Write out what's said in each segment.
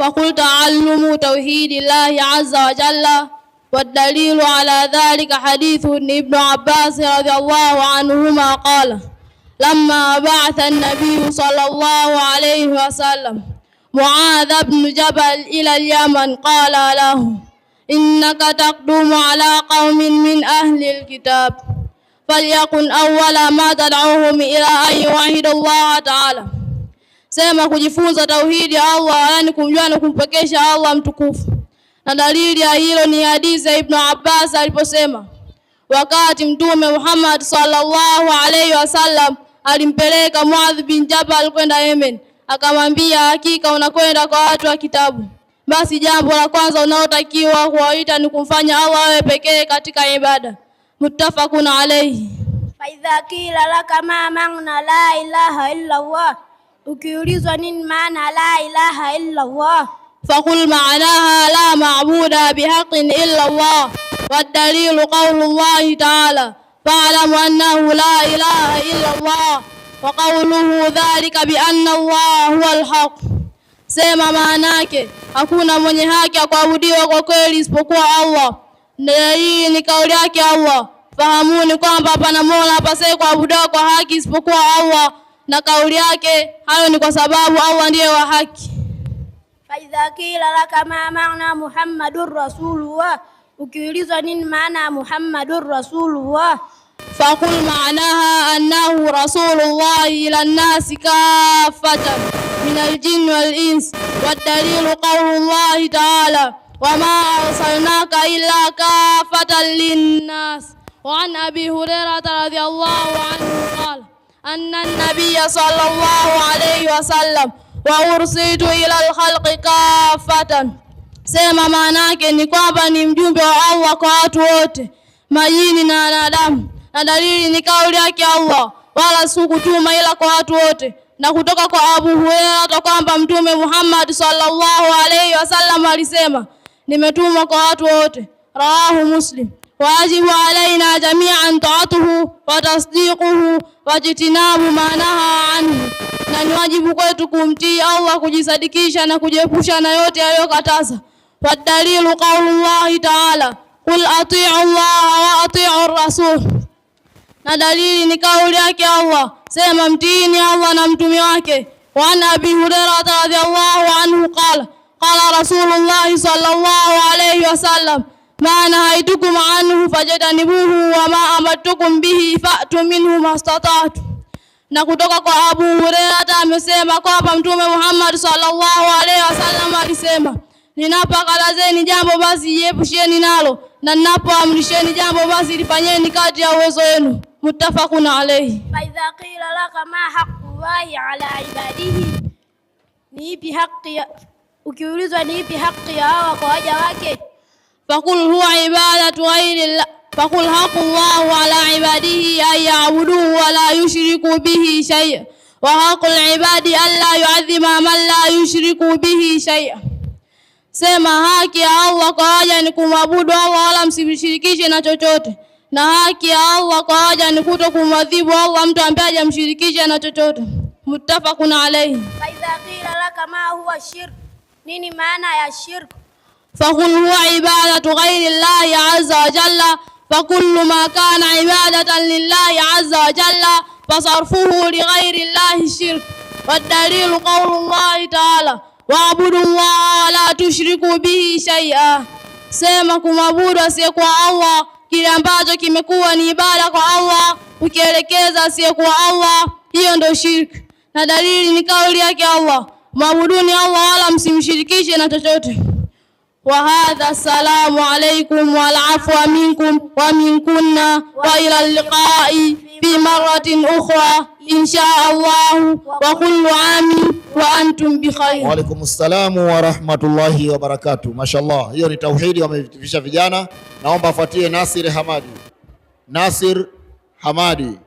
فقل تعلموا توحيد الله عز وجل والدليل على ذلك حديث ابن عباس رضي الله عنهما قال لما بعث النبي صلى الله عليه وسلم معاذ بن جبل إلى اليمن قال له إنك تقدم على قوم من أهل الكتاب فليكن أول ما تدعوهم إلى أن يوحدوا الله تعالى Sema kujifunza tauhidi ya Allah, yani kumjua na kumpekesha Allah mtukufu. Na dalili ya hilo ni hadithi ya Ibn Abbas aliposema, wakati Mtume Muhammad sallallahu alaihi wasallam alimpeleka Muadh bin Jabal kwenda Yemen, akamwambia hakika unakwenda kwa watu wa kitabu, basi jambo la kwanza unaotakiwa kuwaita ni kumfanya Allah awe pekee katika ibada. Muttafaqun alaihi. Faidha kila laka ma maana la ilaha illa Allah ukiulizwa nini maana la ilaha illa Allah faqul maanaha la mabuda bihaqin illa Allah waddalilu qaulu llahi taala falamu annahu la ilaha illa Allah wa qauluhu dhalika bianna Allah huwa alhaq, sema maanake hakuna mwenye haki ya kuabudiwa kwa kweli isipokuwa Allah. Na hii ni kauli yake Allah. Fahamuni kwamba hapana mola apasaye kuabudiwa kwa haki isipokuwa Allah na kauli yake hayo ni kwa sababu Allah ndiye wa haki. faidha kila laka ma maana Muhammadur rasulullah, ukiulizwa nini maana ya Muhammadur rasulullah fakul maanaha annahu rasulullahi ila nnasi kafatan min aljinni wal insi waddalilu qaulullahi taala wama arsalnaka illa kafatan linnas. Wa an abi hurairata radhiyallahu anhu qala anna nabiyya sallallahu alayhi wasallam wa ursitu ila alkhalqi kafatan, sema maana yake ni kwamba ni mjumbe wa Allah kwa watu wote, majini na wanadamu, na dalili ni kauli yake Allah, wala si kutuma ila kwa watu wote na kutoka kwa Abu Hurairah kwamba Mtume Muhammad sallallahu alaihi wasallam alisema, nimetumwa kwa watu wote. Rawahu Muslim. ويجب علينا جميعا طاعته وتصديقه واجtinabu maanaha anhu, na ni wajibu kwetu kumtii Allah, kujisadikisha na kujiepusha na yote aliyokataza. Wadalilu qaulullahi taala, qul atiu llaha wa atiu rasul, na dalili ni kauli yake Allah, sema mtiini Allah na mtume wake. Wa an abi Hurairata radhiallahu anhu qala qala rasulullahi sallallahu alayhi wasallam ma nahaytukum anhu fajtanibuhu wama amatukum bihi fatu minhu mastatatu. Na kutoka kwa Abu Hurairata amesema kwamba Mtume Muhammad sallallahu alaihi wasallam alisema, ninapokalazeni jambo basi jiepusheni nalo, na ninapoamrisheni jambo basi lifanyeni kati ya uwezo wenu. Muttafaqun alayhi. Fa idha qila laka ma haqqullahi ala ibadihi, ni ipi haki, ukiulizwa ni ipi haki ya hawa kwa waja wake فقل هو عبادة غير الله فقل حق الله على عباده أن يعبدوه ولا يشركوا به شيئا وحق العباد ألا يعذب من la yushriku bihi shay'a, sema haki ya Allah kwa haja ni kumwabudu Allah wala msimshirikishe na chochote, na haki ya Allah kwa haja ni kuto kumwadhibu Allah mtu ambaye hajamshirikisha na chochote. Muttafaqun alayhi. Faidha qila laka ma huwa shirk, nini maana ya shirk? فقل هو عبادة غير الله عز وجل فكل ما كان عبادة لله عز وجل فصرفه لغير الله الشرك والدليل قول الله تعالى wabudu llaha wala tushriku bihi shaia, sema kumwabudu asiyekuwa Allah kile ambacho kimekuwa ni ibada kwa Allah, ukielekeza asiyekuwa Allah, hiyo ndio shirk na dalili ni kauli yake Allah, mwabuduni Allah wala msimshirikishe na chochote wa hadha salamu alaikum wal afwa minkum wa minkunna wa ila liqai fi maratin ukhra insha Allah wa kullu ami wa antum bi khair. Wa alaikum salamu wa rahmatullahi wa barakatuh. Mashallah, hiyo ni tauhidi wamevitifisha vijana. Naomba afuatie Nasir Hamadi. Nasir Hamadi,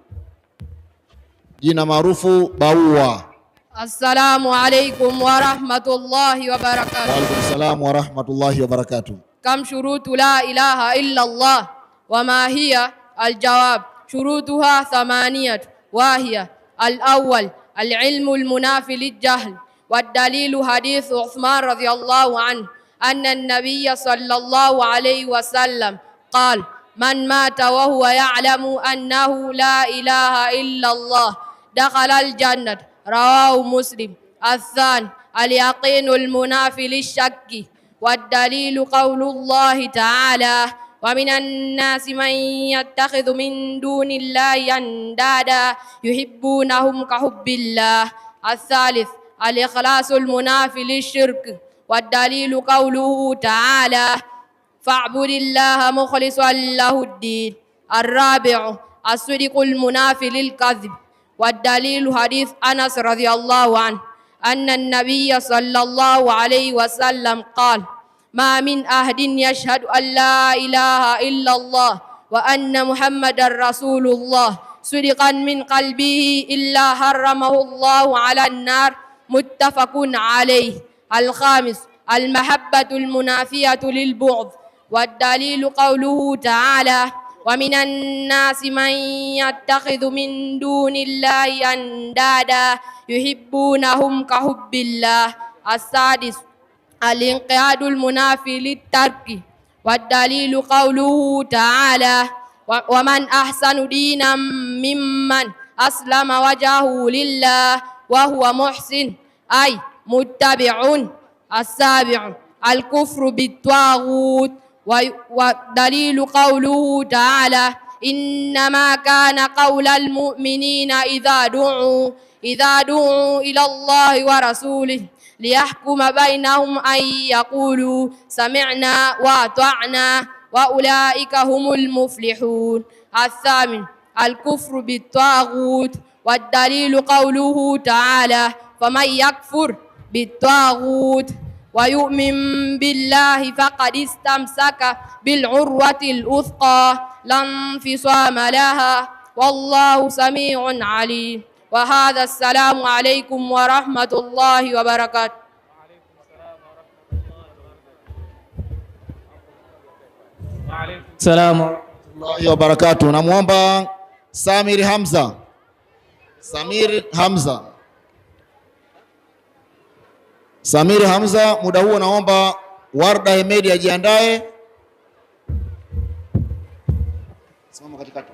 jina maarufu Baua. السلام عليكم ورحمة الله وبركاته وعليكم السلام ورحمة الله وبركاته كم شروط لا إله إلا الله وما هي الجواب شروطها ثمانية وهي الأول العلم المنافي للجهل والدليل حديث عثمان رضي الله عنه أن النبي صلى الله عليه وسلم قال من مات وهو يعلم أنه لا إله إلا الله دخل الجنة رواه مسلم الثاني اليقين المنافي للشك والدليل قول الله تعالى ومن الناس من يتخذ من دون الله أندادا يحبونهم كحب الله الثالث الإخلاص المنافي للشرك والدليل قوله تعالى فاعبد الله مخلصا له الدين الرابع الصدق المنافي للكذب والدليل حديث أنس رضي الله عنه أن النبي صلى الله عليه وسلم قال ما من أهد يشهد أن لا إله إلا الله وأن محمدا رسول الله صدقا من قلبه إلا حرمه الله على النار متفق عليه الخامس المحبة المنافية للبعض والدليل قوله تعالى ومن الناس من يتخذ من دون الله أندادا يحبونهم كحب الله السادس الانقياد المنافي للترك والدليل قوله تعالى ومن أحسن دينا ممن أسلم وجهه لله وهو محسن أي متبع السابع الكفر بالطاغوت ودليل قوله تعالى إنما كان قول المؤمنين إذا دعوا إذا دعوا إلى الله ورسوله ليحكم بينهم أن يقولوا سمعنا وأطعنا وأولئك هم المفلحون الثامن الكفر بالطاغوت والدليل قوله تعالى فمن يكفر بالطاغوت ويؤمن بالله فقد استمسك بالعروة الأثقى لا انفصام لها والله سميع عليم وهذا السلام عليكم ورحمة الله وبركاته السلام الله وبركاته نعم سامير حمزة سامير حمزة Samir Hamza, muda huo naomba Warda Hemedi ajiandae. Simama katikati.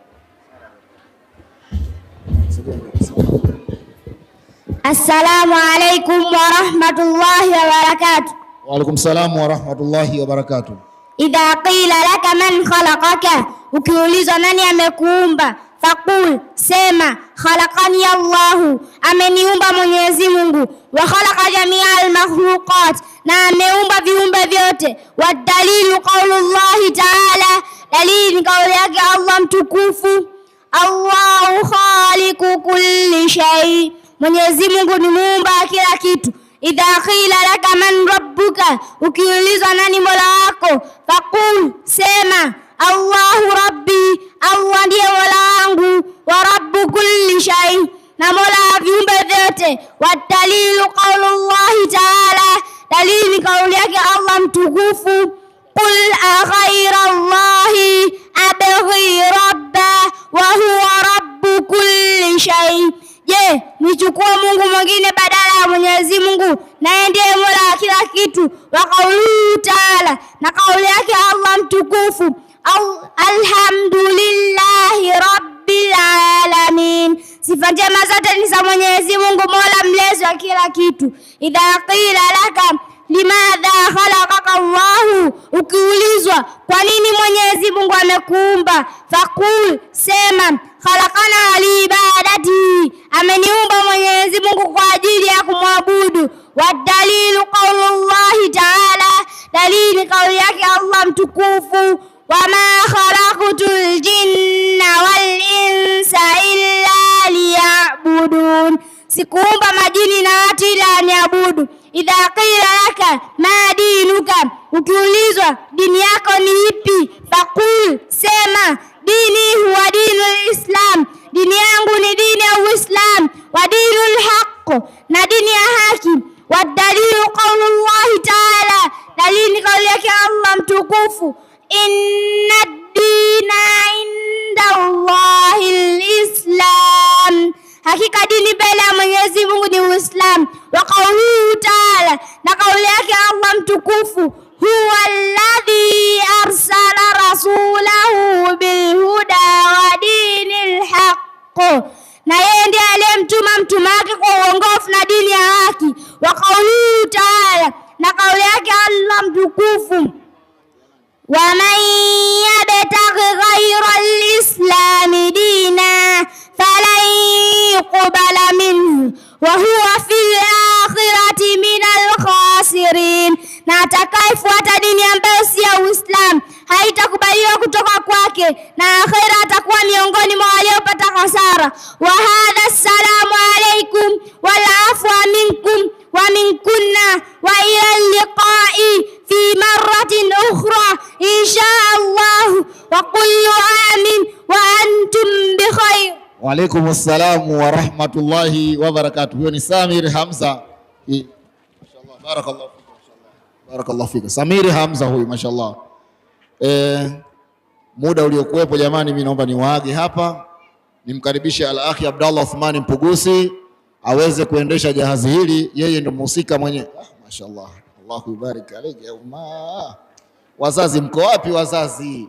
Assalamu alaikum warahmatullahi wabarakatuh. Wa alaikum salam warahmatullahi wabarakatuh. Idha qila laka man khalaqaka, ukiulizwa nani amekuumba Fakul, sema khalaqani Allahu, ameniumba Mwenyezi Mungu. Wa khalaqa jamia almakhluqat, na ameumba viumbe vyote. Wa dalilu qaulullahi taala, dalili ni kauli yake Allah mtukufu. Allahu khaliqu kulli shay, Mwenyezi Mungu ni muumba kila kitu. Idha qila laka man rabbuka, ukiulizwa nani mola wako, fakul, sema Allahu rabbi What the Allah mtukufu, wama khalaqtu jinna wal insa illa liya'budun, sikuumba majini na watu ila niabudu. Idha qila laka ma dinuka, ukiulizwa dini yako ni ipi? Faqul, sema dini huwa dinu lislam, dini yangu ni dini ya Uislam. Wa dinu lhaq, na dini ya haki. Wadalilu llahi taala dalili ni kauli yake Allah mtukufu, inna dina inda Allahi lislam, hakika dini mbele ya Mwenyezi Mungu ni Uislamu. Wa qauluhu taala, na kauli yake Allah mtukufu, huwa alladhi arsala rasulahu bilhuda wa dinil haqq na yeye ndiye aliyemtuma mtume wake kwa uongofu na dini ya haki. Wa qauluhu taala kauli yake Allah mtukufu, waman yabtaghi ghaira lislami dina falan yuqbala minhu wa huwa fil akhirati minal khasirin, na atakayefuata dini ambayo si ya Uislamu haitakubaliwa kutoka kwake na akhera atakuwa miongoni mwa waliopata hasara. wa hadha assalamu alaikum wal afwa minkum ومنكن وإلى اللقاء في مرة أخرى إن شاء الله وقل آمين وأنتم بخير وعليكم السلام ورحمة الله وبركاته huyo ni Samir Hamza mashallah barakallahu fik mashallah barakallahu fik Samir Hamza huyu mashallah eh muda uliokuwepo jamani mimi naomba niwaage hapa nimkaribishe al-akhi Abdallah Uthmani Mpugusi aweze kuendesha jahazi hili, yeye ndio mhusika mwenye. Ah, mashaallah, Allahu barik alayka ya umma. Wazazi mko wapi? Wazazi,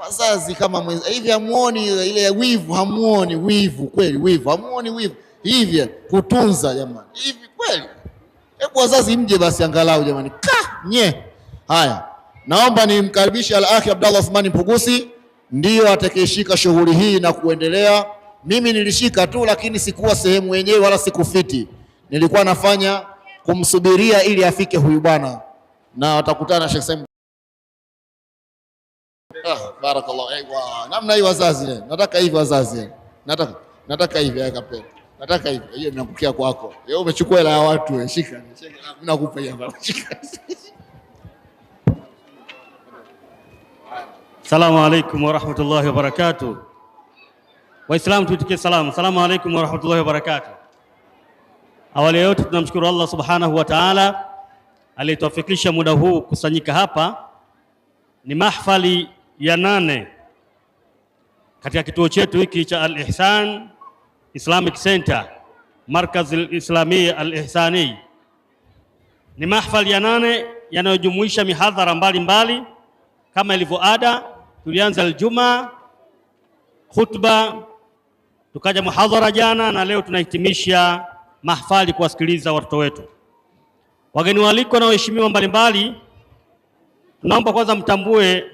wazazi kama hivi hamuoni ile wivu? Hamuoni wivu kweli? Wivu hamuoni wivu hivi kutunza jamani, hivi kweli? Hebu wazazi mje basi angalau jamani, ka nye haya. Naomba nimkaribishe Al-Akhi Abdallah Uthmani Mpugusi, ndio atakayeshika shughuli hii na kuendelea mimi nilishika tu, lakini sikuwa sehemu yenyewe wala sikufiti. Nilikuwa nafanya kumsubiria ili afike huyu bwana, na watakutana Sheikh Said. Ah, barakallahu. Aiwa, namna hii wazazi, nataka hivi wazazi, nataka nataka hivi aka akapenda nataka hivi, hiyo inakukia kwako. wewe, umechukua hela ya watu wewe, shika shika, ah, mimi nakupa hiyo hapa, shika. Salamu alaykum wa rahmatullahi wa barakatuh. Waislamu tuitikie salamu. Salamu alaikum warahmatullahi wabarakatuh. Awali ya yote tunamshukuru Allah subhanahu wa ta'ala aliyetuafikisha muda huu kusanyika hapa. Ni mahfali ya nane katika kituo chetu hiki cha Al Ihsan Islamic Center Markaz Al Islami Al Ihsani. Ni mahfali ya nane yanayojumuisha mihadhara mbalimbali Kama ilivyo ada tulianza Aljumaa khutba Tukaja muhadhara jana na leo tunahitimisha mahfali kuwasikiliza watoto wetu. Wageni waliko na waheshimiwa mbalimbali, naomba kwanza mtambue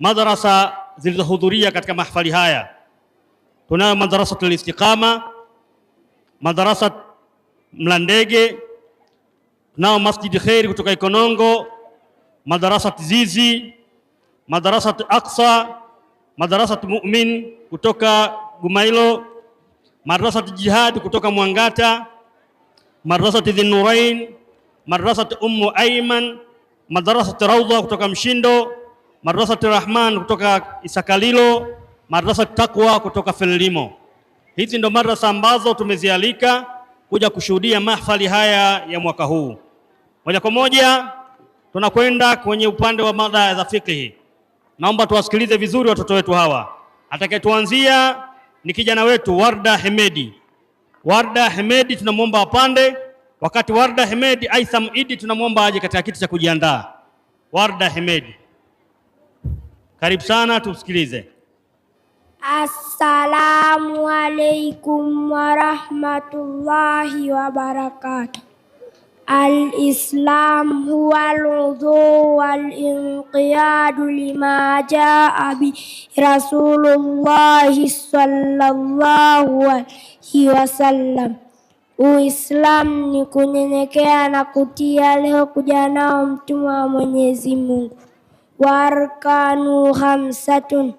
madarasa zilizohudhuria katika mahfali haya. Tunayo Madarasatu Listiqama, Madarasa Mlandege, tunao Masjid Kheri kutoka Ikonongo, Madarasat Zizi, Madarasat Aqsa, Madarasat Mumin kutoka Gumailo, madrasati Jihad kutoka Mwangata, madrasati Dhinurain, madrasati Ummu Aiman, madrasati Raudha kutoka Mshindo, madrasati Rahman kutoka Isakalilo, madrasati Taqwa kutoka Felimo. Hizi ndo madrasa ambazo tumezialika kuja kushuhudia mahfali haya ya mwaka huu. Moja kwa moja tunakwenda kwenye upande wa mada za fikihi. Naomba tuwasikilize vizuri watoto wetu hawa, atakayetuanzia ni kijana wetu Warda Hemedi. Warda Hemedi tunamwomba apande. Wakati Warda Hemedi, Aitham Idi tunamwomba aje katika kiti cha kujiandaa. Warda Hemedi, karibu sana, tumsikilize. Assalamu alaikum warahmatullahi wabarakatuh. الإسلام هو الوضوء والانقياد لما جاء به رسول الله صلى الله عليه wasallam. uislam ni kunyenyekea na kutii aliyokuja nao mtume wa Mwenyezi Mungu. Warkanu hamsatun,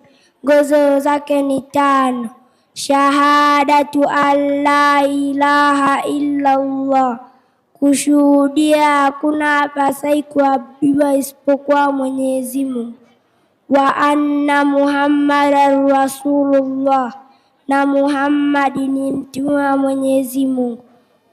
nguzo zake ni tano. Shahadatu an la ilaha illa Allah kushuhudia hakuna apasai kuabudiwa isipokuwa Mwenyezi Mungu, wa anna Muhammadan Rasulullah, na Muhammadi ni mtume wa Mwenyezi Mungu,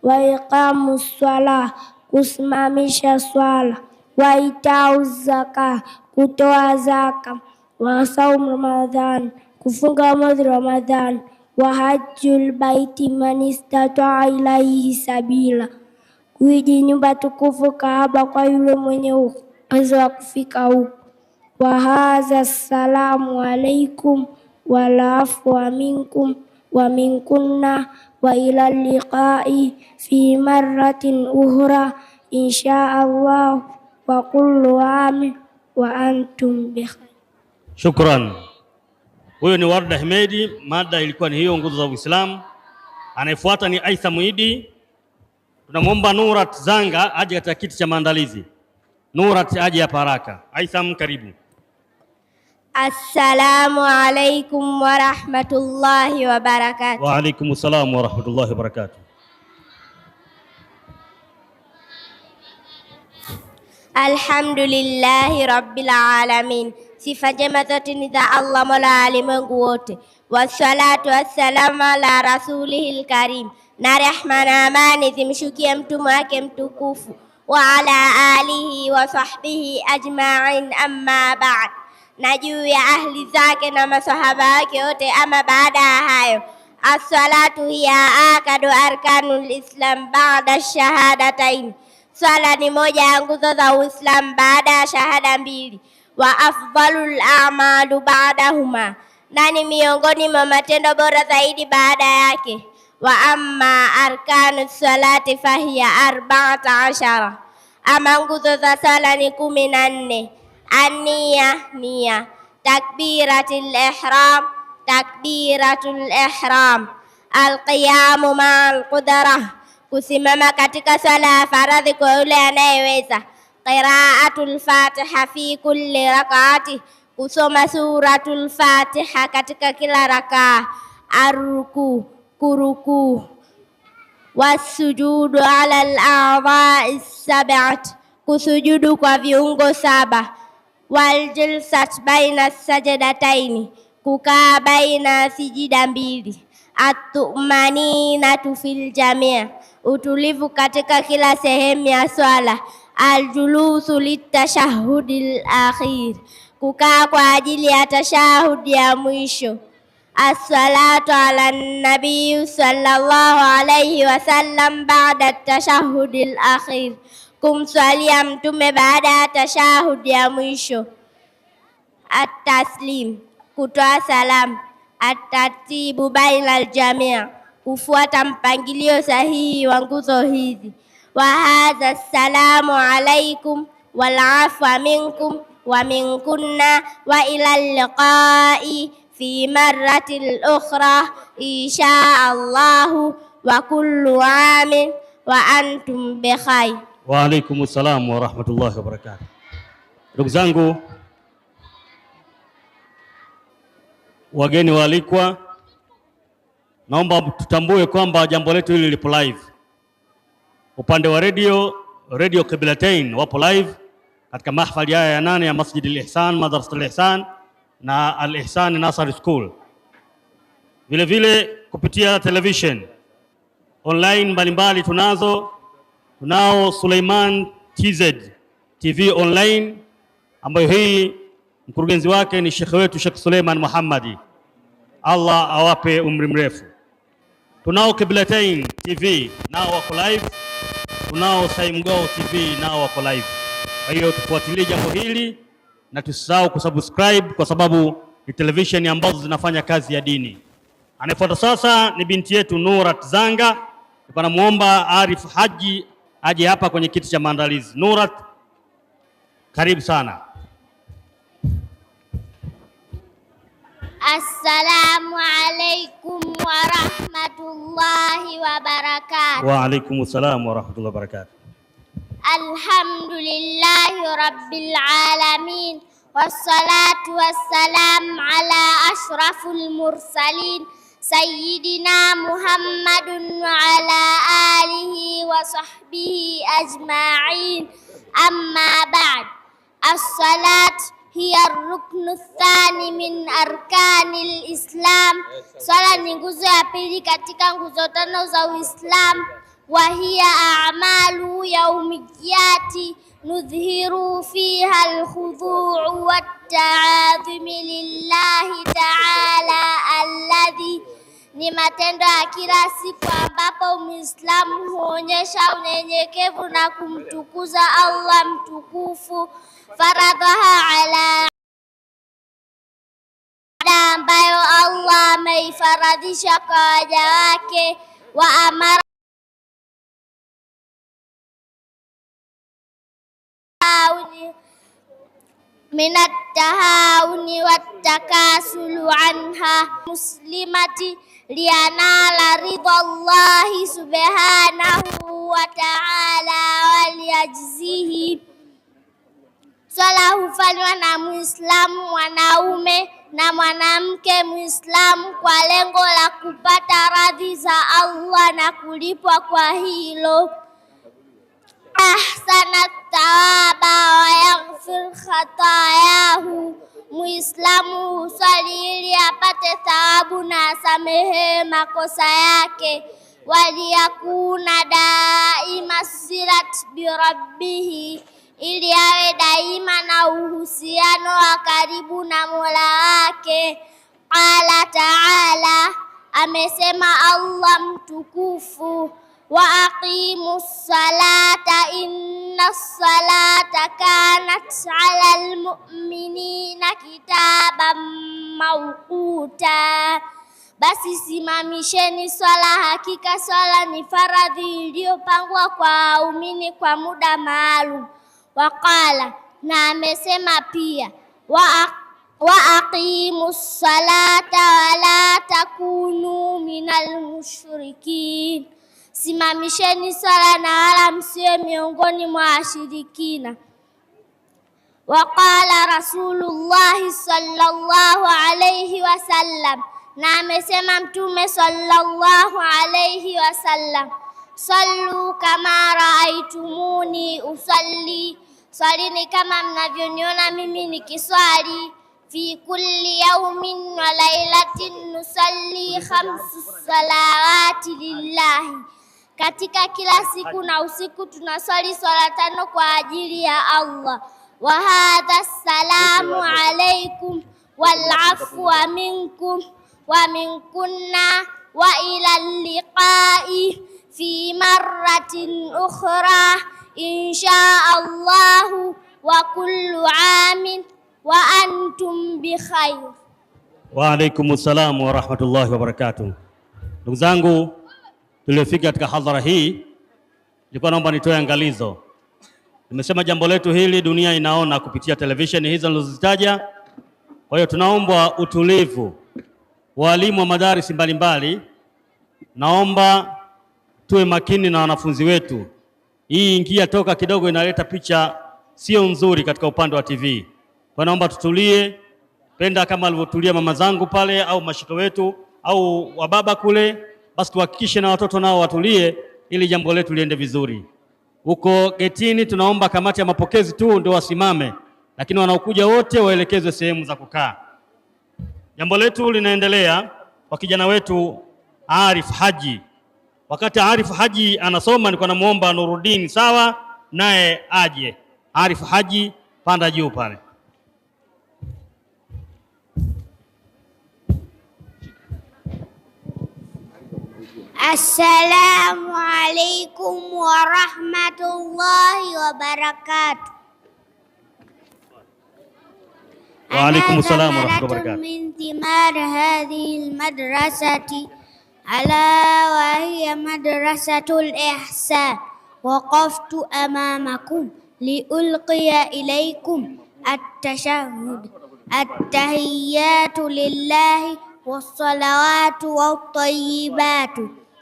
wa iqamu swala, kusimamisha swala, wa itau zaka, kutoa zaka, wa saumu Ramadhan, kufunga mwezi Ramadhan, wa hajjul baiti man istataa ilaihi sabila wiji nyumba tukufu Kaaba kwa yule mwenye uwezo wa kufika huko. wa hadha salamu alaikum walaafu minkum wa minkunna wa ila liqai fi maratin uhra insha Allah wa kullu amin wa antum bi Shukran. Huyo ni Warda Hemedi, mada ilikuwa ni hiyo nguzo za Uislamu. Anayefuata ni Aitha Muidi. Tunamwomba Nurat Zanga aje katika kiti cha maandalizi. Nurat aje hapa haraka. Aisam, karibu. Assalamu alaikum warahmatullahi wabarakatuh. Wa alaikum salam warahmatullahi wabarakatuh. Alhamdulillahi rabbil alamin. Sifa njema zote ni za Allah mola alimwengu wote, wassalatu wassalamu ala rasulihil karim na rehma na amani zimshukie mtume wake mtukufu wa ala alihi wa sahbihi ajmain, amma ba'd, na juu ya ahli zake na masahaba wake wote. Ama baada ya hayo, assalatu hiya akadu arkanul islam bada shahadatain, swala ni moja ya nguzo za Uislamu baada ya shahada mbili. Wa afdalul a'malu badahuma na ni miongoni mwa matendo bora zaidi baada yake wa amma arkanu salati fahiya arbaata ashara, ama nguzo za sala ni kumi na nne. Ania nia, takbiratul ihram takbiratul ihram, alqiyamu ma'al qudra, kusimama katika sala ya faradhi kwa yule anayeweza. Qiraatul fatiha fi kulli rak'ati, kusoma suratul fatiha katika kila rakaa. Arruku kurukuu, wasujudu ala al sab'at, kusujudu kwa viungo saba, waljilsat baina sajadataini, kukaa baina sijida mbili, atumaninatu fil jamii, utulivu katika kila sehemu ya swala, aljulusu litashahudi lakhir akhir kukaa kwa ajili ya tashahudi ya mwisho Assalatu ala nabii sallallahu alayhi wasallam bada tashahudi lakhir, kumswalia mtume baada ya tashahudi ya mwisho. Ataslim, kutoa salamu. Atartibu baina aljamia, kufuata mpangilio sahihi wa nguzo hizi. Wa hadha salamu alaikum wal afwa minkum wa minkunna wa ila liqai في مرة أخرى إن شاء الله وكل عام وأنتم بخير وعليكم السلام ورحمة الله وبركاته ndugu zangu wageni waalikwa naomba tutambue kwamba jambo letu hili lipo live upande wa redio Radio Kiblatain wapo live katika mahfali haya ya nane ya Masjid al-Ihsan, Madrasat al-Ihsan na Al Ihsan Nursery School, vile vile kupitia television online mbalimbali tunazo. Tunao Suleiman TZ TV online ambayo hii mkurugenzi wake ni shekhe wetu Sheikh Suleiman Muhammadi, Allah awape umri mrefu. Tunao Kiblatain TV nao wako live, tunao saimgo TV nao wako live. Kwa hiyo tufuatilie jambo hili na tusisahau kusubscribe kwa sababu ni televisheni ambazo zinafanya kazi ya dini. Anayefuata sasa ni binti yetu Nura Tzanga. Panamuomba Arif Haji aje hapa kwenye kiti cha maandalizi. Nura, karibu sana. Assalamu alaikum wa rahmatullahi wa barakatuh. Wa alaikum salam wa rahmatullahi wa barakatuh. الحمد لله رب العالمين والصلاة والسلام على أشرف المرسلين سيدنا محمد وعلى آله وصحبه أجمعين أما بعد الصلاة هي الركن الثاني من أركان الإسلام صلاة ni nguzo ya pili katika nguzo tano za Uislamu. wahiya a'malu yawmiyati nudhiru fiha alkhudu'u wattaadhimi lillahi ta'ala alladhi, ni matendo ya kila siku ambapo Muislamu huonyesha unyenyekevu na kumtukuza Allah mtukufu. Faradhaha ala ambayo Allah ameifaradhisha kwa waja wake wa amara من التهاون والتكاسل عنها مسلمة لينال رضا الله سبحانه وتعالى وليجزيه. Swala hufanywa na mwislamu mwanaume na mwanamke mwislamu kwa lengo la kupata radhi za Allah na kulipwa kwa hilo. Ahsana التواب ويغفر khatayahu Muislamu usali ili apate thawabu na asamehewe makosa yake. Waliyakuna daima silat birabbihi, ili awe daima na uhusiano wa karibu na mola wake. Qala taala, amesema Allah mtukufu wa aqimu salata inna salata kanat alal mu'minina kitaban mawquta, basi simamisheni swala, hakika swala ni faradhi iliyopangwa kwa waumini kwa muda maalum. Waqala, na amesema pia wa aqimu salata wala takunu minal mushrikin simamisheni swala na wala msiwe miongoni mwa washirikina. Waqala Rasulullahi sallallahu alayhi wasallam, na amesema Mtume sallallahu alayhi wasallam, sallu kama raaitumuni usalli, swalini kama mnavyoniona mimi nikiswali. Fi kulli yaumin wa lailatin nusalli khamsu salawati lillahi katika kila siku na usiku, tunaswali swala tano kwa ajili ya Allah. wa hadha salamu alaikum wal afu minkum wa minkunna wa ila liqai fi marratin ukhra insha Allahu wa kullu amin wa antum bi khair. Wa alaikum salam wa rahmatullahi wa barakatuh. Ndugu zangu tuliofika katika hadhara hii, nilikuwa naomba nitoe angalizo. Nimesema jambo letu hili dunia inaona kupitia televisheni hizo nilizozitaja. Kwa hiyo tunaomba utulivu, walimu wa madarisi mbalimbali, naomba tuwe makini na wanafunzi wetu. Hii ingia toka kidogo inaleta picha sio nzuri katika upande wa TV. Kwa naomba tutulie, penda kama alivyotulia mama zangu pale au mashiko wetu au wababa kule basi tuhakikishe na watoto nao watulie, ili jambo letu liende vizuri. Huko getini, tunaomba kamati ya mapokezi tu ndio wasimame, lakini wanaokuja wote waelekezwe sehemu za kukaa. Jambo letu linaendelea kwa kijana wetu Arif Haji. Wakati Arif Haji anasoma, nilikuwa namuomba Nuruddin sawa, naye aje. Arif Haji, panda juu pale. السلام عليكم ورحمة الله وبركاته وعليكم السلام ورحمة الله وبركاته من ثمار هذه المدرسة ألا وهي مدرسة الإحسان وقفت أمامكم لألقي إليكم التشهد التهيات لله والصلوات والطيبات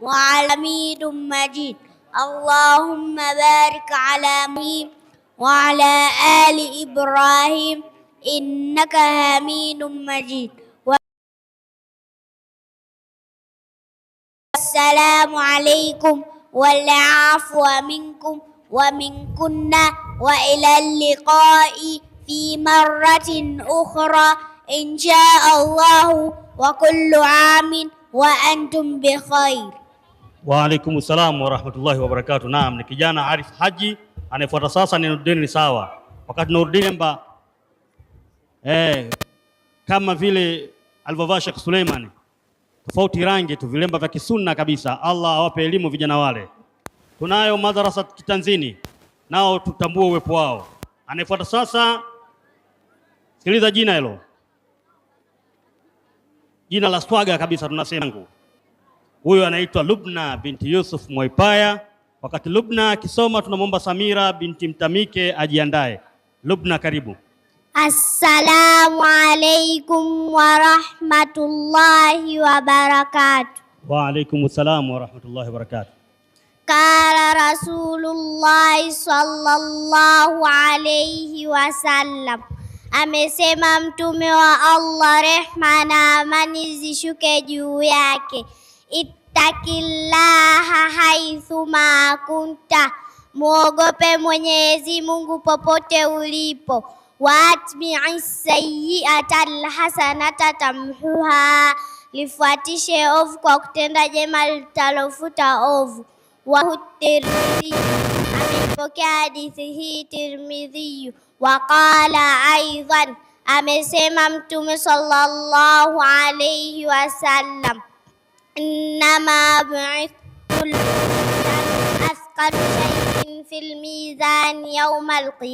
وعلى ميد مجيد اللهم بارك على ميم وعلى آل إبراهيم إنك حميد مجيد السلام عليكم والعفو منكم ومن كنا وإلى اللقاء في مرة أخرى إن شاء الله وكل عام وأنتم بخير Wa alaikum warahmatullahi wa rahmatullahi wa Naam, ni kijana Arif Haji anayefuata sasa ni Nuruddin Sawa. Wakati Nuruddin mba eh, kama vile alivyovaa Sheikh Suleiman, tofauti rangi tu, vilemba vya kisunna kabisa. Allah awape elimu vijana wale. Tunayo madarasa kitanzini, nao tutambue uwepo wao. Anayefuata sasa, sikiliza jina hilo, jina la swaga kabisa, tunasema Huyu anaitwa Lubna binti Yusuf Mwaipaya. Wakati Lubna akisoma, tunamwomba Samira binti Mtamike ajiandae. Lubna, karibu. Assalamu alaikum warahmatullahi wabarakatuh. Wa salam warahmatullahi wabarakatuh. Kala Rasulullahi sallallahu alaihi wasallam, amesema Mtume wa Allah, rehma na amani zishuke juu yake ittakillaha haithuma kunta, mwogope Mwenyezi Mungu popote ulipo. Waatbii sayiata alhasanata tamhuha, lifuatishe ovu kwa kutenda jema litalofuta ovu. Wahu Tirmidhi amepokea hadithi hii Tirmidhiyu. Waqala aidhan, amesema Mtume sallallahu alayhi wasallam إنما بعثت لأسقل شيء في الميزان يوم القيامة